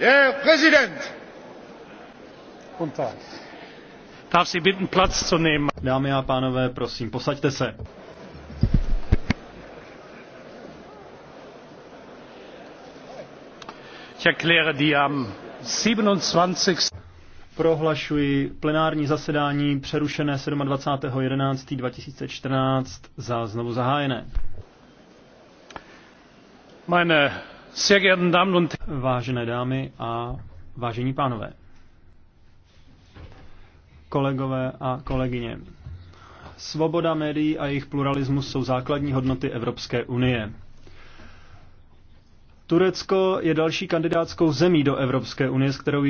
herr präsident! darf sie bitten platz zu nehmen. dámy a pánové prosím posaďte se. ich erkläre die am. 27. prohlašuji plenární zasedání přerušené 27.11.2014 za znovu zahájené. meine Vážené dámy a vážení pánové, kolegové a kolegyně, svoboda médií a jejich pluralismus jsou základní hodnoty Evropské unie. Turecko je další kandidátskou zemí do Evropské unie, s kterou